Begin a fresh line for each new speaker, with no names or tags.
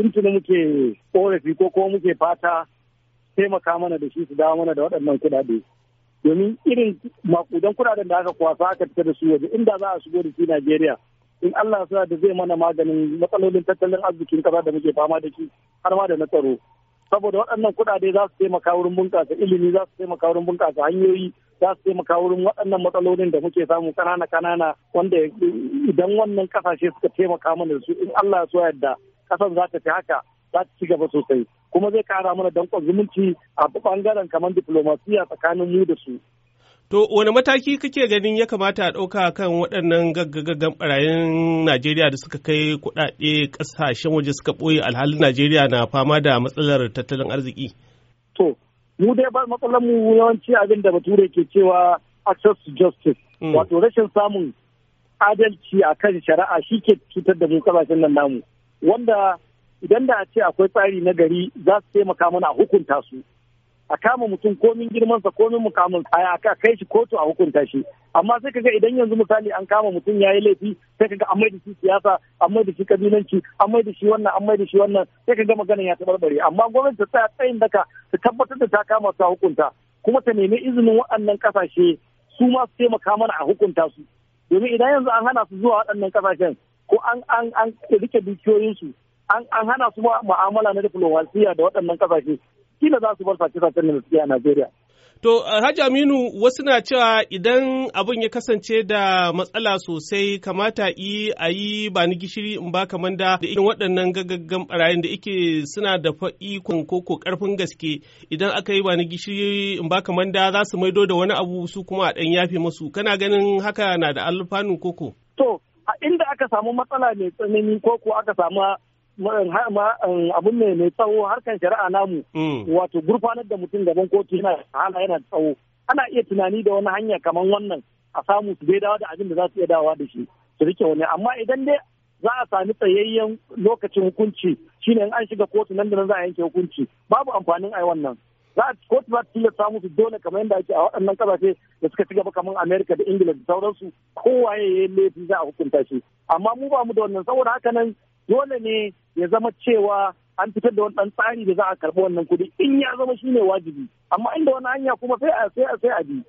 tuntuni muke korafi ko kuma muke fata taimaka mana da shi su dawo mana da waɗannan kuɗaɗe domin irin makudan kuɗaɗen da aka kwasa aka fita da su waje inda za a shigo da shi Najeriya in Allah sa da zai mana maganin matsalolin tattalin arzikin ƙasa da muke fama da shi har ma da na tsaro saboda waɗannan kuɗaɗe za su taimaka wurin bunƙasa ilimi za su taimaka wurin bunƙasa hanyoyi za su taimaka wurin waɗannan matsalolin da muke samu ƙanana ƙanana wanda idan wannan ƙasashe suka taimaka mana da su in Allah ya so yadda kasan za ta fi haka za ta ci gaba sosai kuma zai kara mana danƙon zumunci a bangaren kamar diplomasiya tsakanin mu da su.
To wani mataki kake ganin ya kamata a ɗauka kan waɗannan gaggagaggan ɓarayin Najeriya da suka kai kuɗaɗe ƙasashen waje suka ɓoye alhalin Najeriya na fama da matsalar tattalin arziki?
To, mu dai ba matsalar mu yawanci abin da bature ke cewa access to justice, hmm. wato rashin samun adalci a kan shari'a shi ke cutar da mu ƙasashen nan namu. wanda idan da a ce akwai tsari na gari za su taimaka mana a hukunta su a kama mutum komin girmansa komin mukamin a kai shi kotu a hukunta shi amma sai kaga idan yanzu misali an kama mutum ya yi laifi sai kaga an mai shi siyasa an mai da shi kabilanci an mai da shi wannan an mai shi wannan sai kaga maganin ya tabarbare amma gwamnati ta tsaya tsayin daka ta tabbatar da ta kama su a hukunta kuma ta nemi izinin waɗannan kasashe su ma su taimaka mana a hukunta su domin idan yanzu an hana su zuwa waɗannan kasashen ko an an an rike dukiyoyinsu an an hana su mu'amala na diplomasiya da waɗannan kasashe kila za su bar sace sace na a Najeriya.
To, uh, Hajji Aminu, wasu na cewa idan abun ya kasance da matsala sosai kamata yi a yi ba ni gishiri in ba kaman da irin waɗannan gaggagan barayin da yake suna da ikon ko ko ƙarfin gaske idan aka yi ba ni gishiri in ba kaman da za su maido da wani abu su kuma a ɗan yafe musu. Kana ganin haka na da alfanu koko?
aka samu matsala mai tsanani ko ko aka samu eh, eh, abin ne mai tsawo harkan shari'a namu mm. wato gurfanar da mutum gaban kotu yana hala yana tsawo ana iya tunani da wani hanya kamar wannan a samu su dawa da abin da za su iya dawa da shi su rike wani amma idan dai za a sami tsayayyen lokacin hukunci shine in an shiga kotu nan da nan za a yanke hukunci babu amfanin ai wannan za kotu ko ta tilasta musu dole kamar yadda ake a waɗannan ƙasashe da suka ci gaba kamar amerika da ingila da sauransu kowaye ya yi laifi za a hukunta shi amma mu ba mu da wannan saboda haka nan dole ne ya zama cewa an fitar da wani tsari da za a karɓi wannan kuɗi in ya zama shine wajibi amma inda wani hanya kuma sai a sai a sai a bi